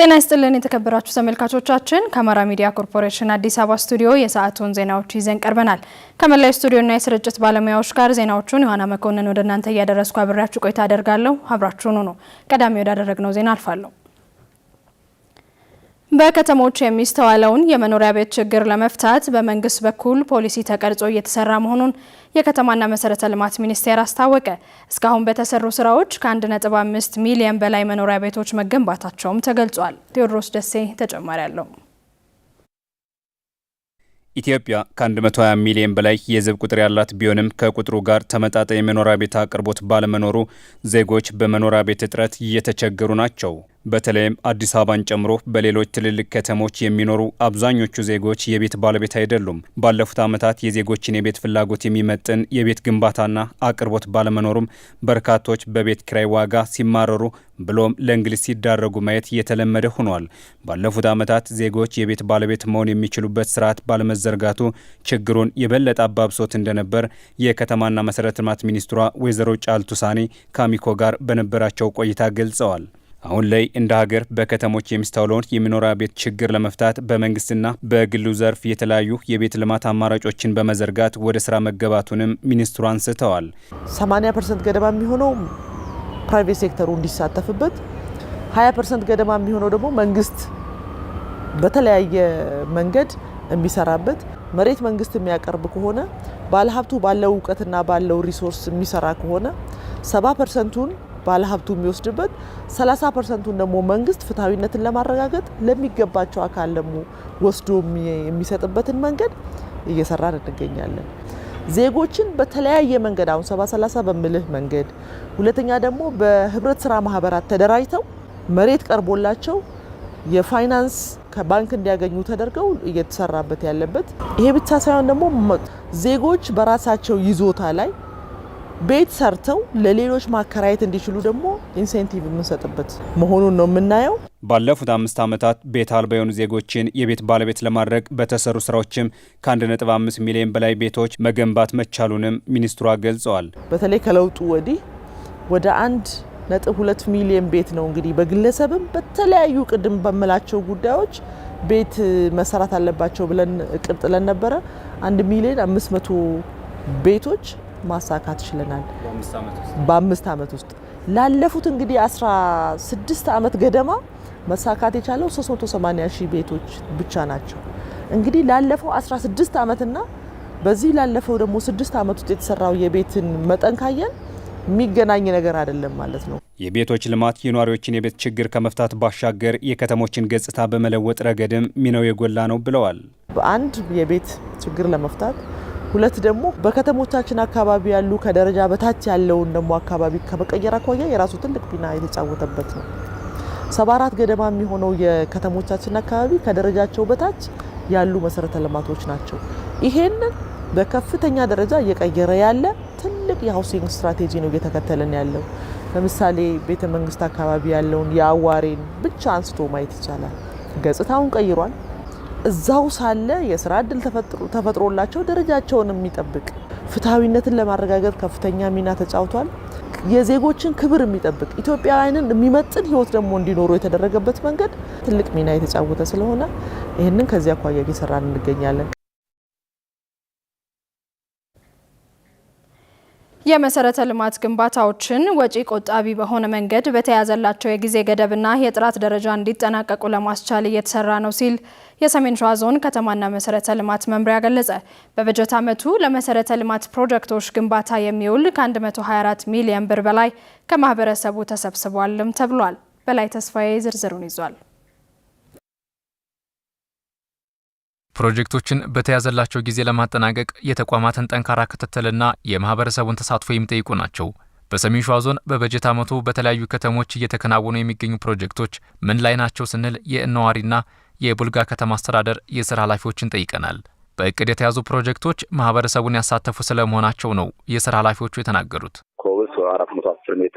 ጤና ይስጥልን የተከበራችሁ ተመልካቾቻችን፣ ከአማራ ሚዲያ ኮርፖሬሽን አዲስ አበባ ስቱዲዮ የሰዓቱን ዜናዎች ይዘን ቀርበናል። ከመላይ ስቱዲዮና የስርጭት ባለሙያዎች ጋር ዜናዎቹን የዋና መኮንን ወደ እናንተ እያደረስኩ አብሬያችሁ ቆይታ አደርጋለሁ። አብራችሁን ሁኑ። ቀዳሚ ወዳደረግነው ዜና አልፋለሁ። በከተሞች የሚስተዋለውን የመኖሪያ ቤት ችግር ለመፍታት በመንግስት በኩል ፖሊሲ ተቀርጾ እየተሰራ መሆኑን የከተማና መሰረተ ልማት ሚኒስቴር አስታወቀ። እስካሁን በተሰሩ ስራዎች ከ1.5 ሚሊዮን በላይ መኖሪያ ቤቶች መገንባታቸውም ተገልጿል። ቴዎድሮስ ደሴ ተጨማሪ አለው። ኢትዮጵያ ከ120 ሚሊዮን በላይ የዝብ ቁጥር ያላት ቢሆንም ከቁጥሩ ጋር ተመጣጣኝ የመኖሪያ ቤት አቅርቦት ባለመኖሩ ዜጎች በመኖሪያ ቤት እጥረት እየተቸገሩ ናቸው። በተለይም አዲስ አበባን ጨምሮ በሌሎች ትልልቅ ከተሞች የሚኖሩ አብዛኞቹ ዜጎች የቤት ባለቤት አይደሉም። ባለፉት ዓመታት የዜጎችን የቤት ፍላጎት የሚመጥን የቤት ግንባታና አቅርቦት ባለመኖሩም በርካቶች በቤት ኪራይ ዋጋ ሲማረሩ ብሎም ለእንግልት ሲዳረጉ ማየት የተለመደ ሆኗል። ባለፉት ዓመታት ዜጎች የቤት ባለቤት መሆን የሚችሉበት ስርዓት ባለመዘርጋቱ ችግሩን የበለጠ አባብሶት እንደነበር የከተማና መሰረተ ልማት ሚኒስትሯ ወይዘሮ ጫልቱ ሳኒ ጋር በነበራቸው ቆይታ ገልጸዋል። አሁን ላይ እንደ ሀገር በከተሞች የሚስተዋለውን የመኖሪያ ቤት ችግር ለመፍታት በመንግስትና በግሉ ዘርፍ የተለያዩ የቤት ልማት አማራጮችን በመዘርጋት ወደ ስራ መገባቱንም ሚኒስትሩ አንስተዋል። 80 ፐርሰንት ገደማ የሚሆነው ፕራይቬት ሴክተሩ እንዲሳተፍበት፣ 20 ፐርሰንት ገደማ የሚሆነው ደግሞ መንግስት በተለያየ መንገድ የሚሰራበት መሬት መንግስት የሚያቀርብ ከሆነ ባለሀብቱ ባለው እውቀትና ባለው ሪሶርስ የሚሰራ ከሆነ ሰባ ፐርሰንቱን ባለሀብቱ የሚወስድበት 30 ፐርሰንቱን ደግሞ መንግስት ፍትሐዊነትን ለማረጋገጥ ለሚገባቸው አካል ደግሞ ወስዶ የሚሰጥበትን መንገድ እየሰራን እንገኛለን። ዜጎችን በተለያየ መንገድ አሁን ሰባ በምልህ መንገድ፣ ሁለተኛ ደግሞ በህብረት ስራ ማህበራት ተደራጅተው መሬት ቀርቦላቸው የፋይናንስ ከባንክ እንዲያገኙ ተደርገው እየተሰራበት ያለበት ይሄ ብቻ ሳይሆን ደግሞ ዜጎች በራሳቸው ይዞታ ላይ ቤት ሰርተው ለሌሎች ማከራየት እንዲችሉ ደግሞ ኢንሴንቲቭ የምንሰጥበት መሆኑን ነው የምናየው። ባለፉት አምስት ዓመታት ቤት አልባ የሆኑ ዜጎችን የቤት ባለቤት ለማድረግ በተሰሩ ስራዎችም ከ1.5 ሚሊዮን በላይ ቤቶች መገንባት መቻሉንም ሚኒስትሯ ገልጸዋል። በተለይ ከለውጡ ወዲህ ወደ አንድ ነጥብ ሁለት ሚሊዮን ቤት ነው እንግዲህ በግለሰብም በተለያዩ ቅድም በምላቸው ጉዳዮች ቤት መሰራት አለባቸው ብለን እቅድ ጥለን ነበረ። አንድ ሚሊዮን አምስት መቶ ቤቶች ማሳካት ችለናል በአምስት ዓመት ውስጥ። ላለፉት እንግዲህ 16 ዓመት ገደማ መሳካት የቻለው 380 ሺህ ቤቶች ብቻ ናቸው። እንግዲህ ላለፈው 16 ዓመትና በዚህ ላለፈው ደግሞ 6 ዓመት ውስጥ የተሰራው የቤትን መጠን ካየን የሚገናኝ ነገር አይደለም ማለት ነው። የቤቶች ልማት የነዋሪዎችን የቤት ችግር ከመፍታት ባሻገር የከተሞችን ገጽታ በመለወጥ ረገድም ሚናው የጎላ ነው ብለዋል። በአንድ የቤት ችግር ለመፍታት ሁለት ደግሞ በከተሞቻችን አካባቢ ያሉ ከደረጃ በታች ያለውን ደግሞ አካባቢ ከመቀየር አኳያ የራሱ ትልቅ ሚና የተጫወተበት ነው። ሰባ አራት ገደማ የሚሆነው የከተሞቻችን አካባቢ ከደረጃቸው በታች ያሉ መሰረተ ልማቶች ናቸው። ይሄንን በከፍተኛ ደረጃ እየቀየረ ያለ ትልቅ የሀውሲንግ ስትራቴጂ ነው እየተከተለን ያለው። ለምሳሌ ቤተ መንግስት አካባቢ ያለውን የአዋሬን ብቻ አንስቶ ማየት ይቻላል። ገጽታውን ቀይሯል። እዛው ሳለ የስራ እድል ተፈጥሮላቸው ደረጃቸውን የሚጠብቅ ፍትሐዊነትን ለማረጋገጥ ከፍተኛ ሚና ተጫውቷል። የዜጎችን ክብር የሚጠብቅ ኢትዮጵያውያንን የሚመጥን ህይወት ደግሞ እንዲኖሩ የተደረገበት መንገድ ትልቅ ሚና የተጫወተ ስለሆነ ይህንን ከዚህ አኳያ እየሰራን እንገኛለን። የመሰረተ ልማት ግንባታዎችን ወጪ ቆጣቢ በሆነ መንገድ በተያዘላቸው የጊዜ ገደብና የጥራት ደረጃ እንዲጠናቀቁ ለማስቻል እየተሰራ ነው ሲል የሰሜን ሸዋ ዞን ከተማና መሰረተ ልማት መምሪያ ገለጸ። በበጀት ዓመቱ ለመሰረተ ልማት ፕሮጀክቶች ግንባታ የሚውል ከ124 ሚሊዮን ብር በላይ ከማህበረሰቡ ተሰብስቧልም ተብሏል። በላይ ተስፋዬ ዝርዝሩን ይዟል። ፕሮጀክቶችን በተያዘላቸው ጊዜ ለማጠናቀቅ የተቋማትን ጠንካራ ክትትልና የማህበረሰቡን ተሳትፎ የሚጠይቁ ናቸው። በሰሜን ሸዋ ዞን በበጀት ዓመቱ በተለያዩ ከተሞች እየተከናወኑ የሚገኙ ፕሮጀክቶች ምን ላይ ናቸው ስንል የእነዋሪና የቡልጋ ከተማ አስተዳደር የስራ ኃላፊዎችን ጠይቀናል። በእቅድ የተያዙ ፕሮጀክቶች ማህበረሰቡን ያሳተፉ ስለመሆናቸው ነው የስራ ኃላፊዎቹ የተናገሩት። ኮብልስ አራት መቶ አስር ሜትር